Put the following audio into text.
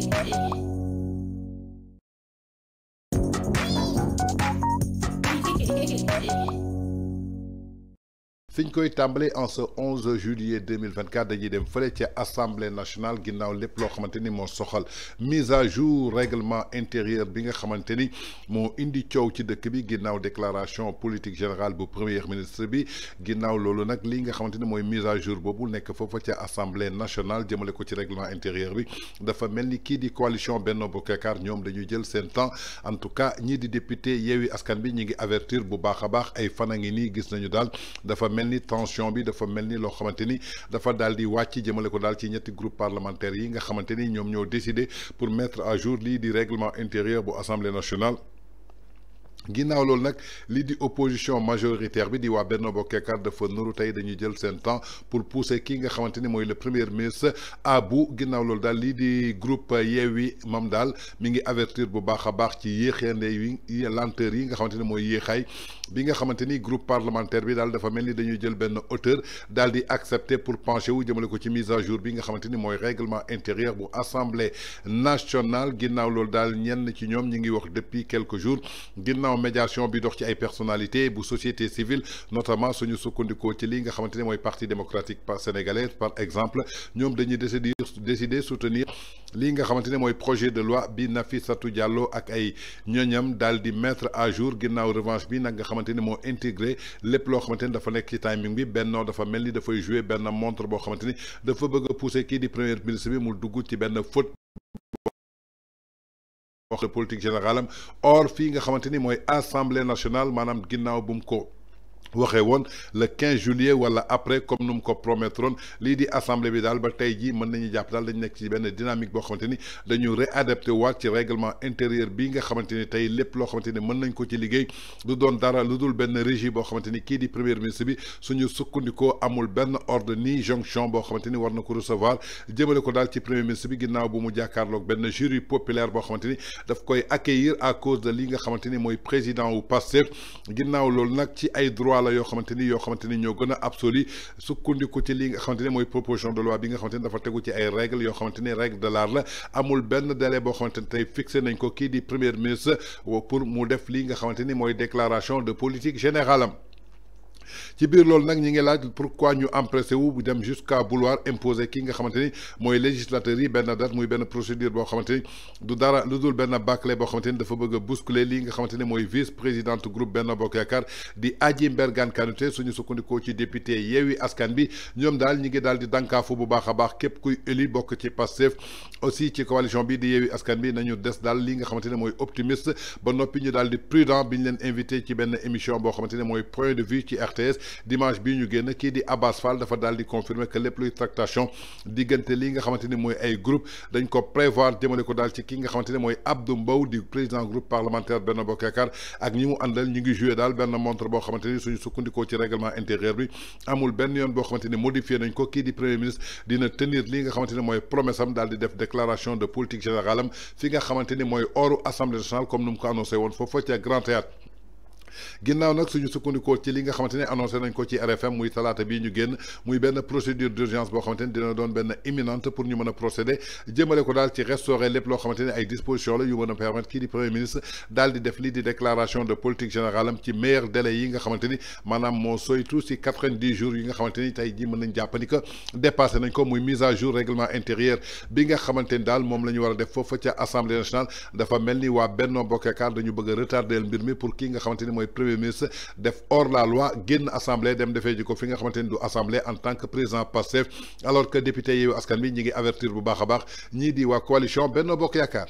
Thank you. fin ñu koy en ce 11 juillet 2024 dañuy dem fële ca assemblée nationale ginnaw lepp lo xamanteni mo soxal mise à jour règlement intérieur bi nga xamanteni mon indi ciow ci dëkk bi ginnaw déclaration politique générale bu premier ministre bi ginnaw lolu nak li nga xamanteni moy mise à jour bobu nek fofu ci assemblée nationale jëmele ko ci règlement intérieur bi dafa melni ni di coalition Benno Bokk Yaakaar ñoom dañuy jël sen temps en tout cas ñi di député yewi Askan bi ñi ngi avertir bu baaxa baax ay fan ngi gis nañu dal dafa mel ni tension bi dafa melni lo xamanteni dafa daldi di jëmele ko dal ci ñetti groupe parlementaire yi nga xamanteni ñom ñoo décidé pour mettre à jour li di règlement intérieur bu assemblée nationale ginnaaw loolu nag li di opposition majoritaire bi di waa de Bokk de dafa nuru tey dañu jël seen temps pour pousser ki nga xamante ni mooy le premier ministre à bout ginnaaw loolu daal di groupe Yewwi Mamdal daal mi ngi avertir bu baax a baax ci yéexeende yi lenteur yi nga xamante ni mooy bi nga xamante groupe parlementaire bi daal dafa mel ni dañuy jël benn hauteur daal di accepter pour pencher wu jëmale ko ci mise à jour bi nga xamante ni règlement intérieur bu assemblée nationale ginnaaw loolu daal ñenn ci ñoom ñi ngi wax depuis quelques jours ginnaaw médiation bi dox ci ay personnalité bu société civile notamment suñu sukkandikoo ci li nga xamante ne mooy parti démocratique par sénégalais par exemple ñoom dañuy décider décider soutenir li nga xamante ne mooy projet de loi bi nafisatu Diallo ak ay ñoñam daal di mettre à jour ginnaaw revanche bi nag nga xamante ne moo intégré lépp loo xamante ne dafa nekk ci timing bi bennoo dafa mel ni dafay jouer benn montre boo xamante ni dafa bëgg a pousser kii di premier ministre bi mu dugg ci benn faute wax politique générale am or fii nga xamante ni mooy assemblée nationale maanaam ginnaaw bu mu ko waxee le 15 juillet wala après comme nous ko promettroon li di assemblée bi dal ba tay ji meun nañu japp dal dañ nek ci ben dynamique bo xamanteni dañu réadapté waat ci règlement intérieur bi nga xamanteni tay lepp lo xamanteni meun nañ ko ci liggéey du doon dara lu ben régie bo xamanteni ki di premier ministre bi suñu sukkundiko amul ben ordre ni jonction bo xamanteni ni war na ko recevoir jëmele ko dal ci premier ministre bi ginnaw bu mu jàkkaarloog ben jury populaire bo xamanteni daf koy accueillir à cause de li nga xamanteni moy président ou Pastef ginnaw loolu nak ci ay droit droit la yo xamanteni yo xamanteni xamante ni ñoo gën a absolu sukkandiku ci li nga xamanteni moy proposition de loi bi nga xamanteni dafa teggu ci ay règles yo xamanteni règles de l'art la amul benn délai bo xamanteni tay tey fixé nañ ko ki di premier ministre pour mu def li nga xamanteni moy déclaration de politique générale am ci biir loolu nag ñi ngi laaj pourquoi ñu empressé wu bu dem jusqu'à vouloir imposer ki nga xamante ni mooy législateur yi benn date muy benn procédure boo xamante ni du dara lu dul benn bâcle boo xamante ni dafa bëgg a bousculer lii nga xamante ni mooy vice présidente groupe Benno Bokk Yaakaar di aji Mbergane Kanouté suñu sukkandikoo ci député Yewwi Askan Bi ñoom daal ñi ngi daal di dànkaafu bu baax a baax képp kuy élu bokk ci Pastef aussi ci coalition bi di Yewwi Askan Bi nañu des daal li nga xamante optimiste ba noppi ñu daal di prudent bi ñu leen invité ci benn émission boo xamante ne point de vue ci dimanche bii qui dit di Abbas Fall dafa daal confirmer que les luy tractation diggante lii nga xamante ni ay groupe dañ ko prévoir des ko daal ci ki nga xamante ni Abdou président groupe parlementaire Benno Bokkakar, Yaakaar ak ñi mu àndal ñu ngi joué daal benn montre boo xamante suñu ci règlement intérieur bi amul benn yoon boo xamante ni modifié nañ ko kii di premier ministre dina tenir ligne, nga xamante promesse am daal di déclaration de politique générale am fi nga xamante assemblée nationale comme nous mu ko annoncé woon foofu Grand Théâtre ginnaaw nak suñu sukkandikoo ci li nga xamanteni annoncé nañ ko ci RFM muy talaata bi ñu genn muy benn procédure d'urgence bo xamanteni dina doon benn imminente pour ñu mëna procéder jëmele ko dal ci restaurer lepp lo xamanteni ay dispositions la yu mëna permettre ki di premier ministre dal di def li di déclaration de politique générale am ci meilleur délai yi nga xamanteni manam mo soy tout ci 90 jours yi nga xamanteni tay tey mëna mën nañ jàpp ni que dépassé nañ ko muy mise à jour règlement intérieur bi nga xamanteni dal mom lañu wara def fofu ci assemblée nationale dafa melni wa waa Benno Bokk dañu bëgg retarder mbir mi pour ki nga xamanteni moy premier ministre def hors la loi guen assemblée dem defee ji fi nga xamanteni du assemblée en tant que président passé alors que député yi Askan Wi ñi ngi avertir bu baax a ñi di wa coalition Benno Bokk yakar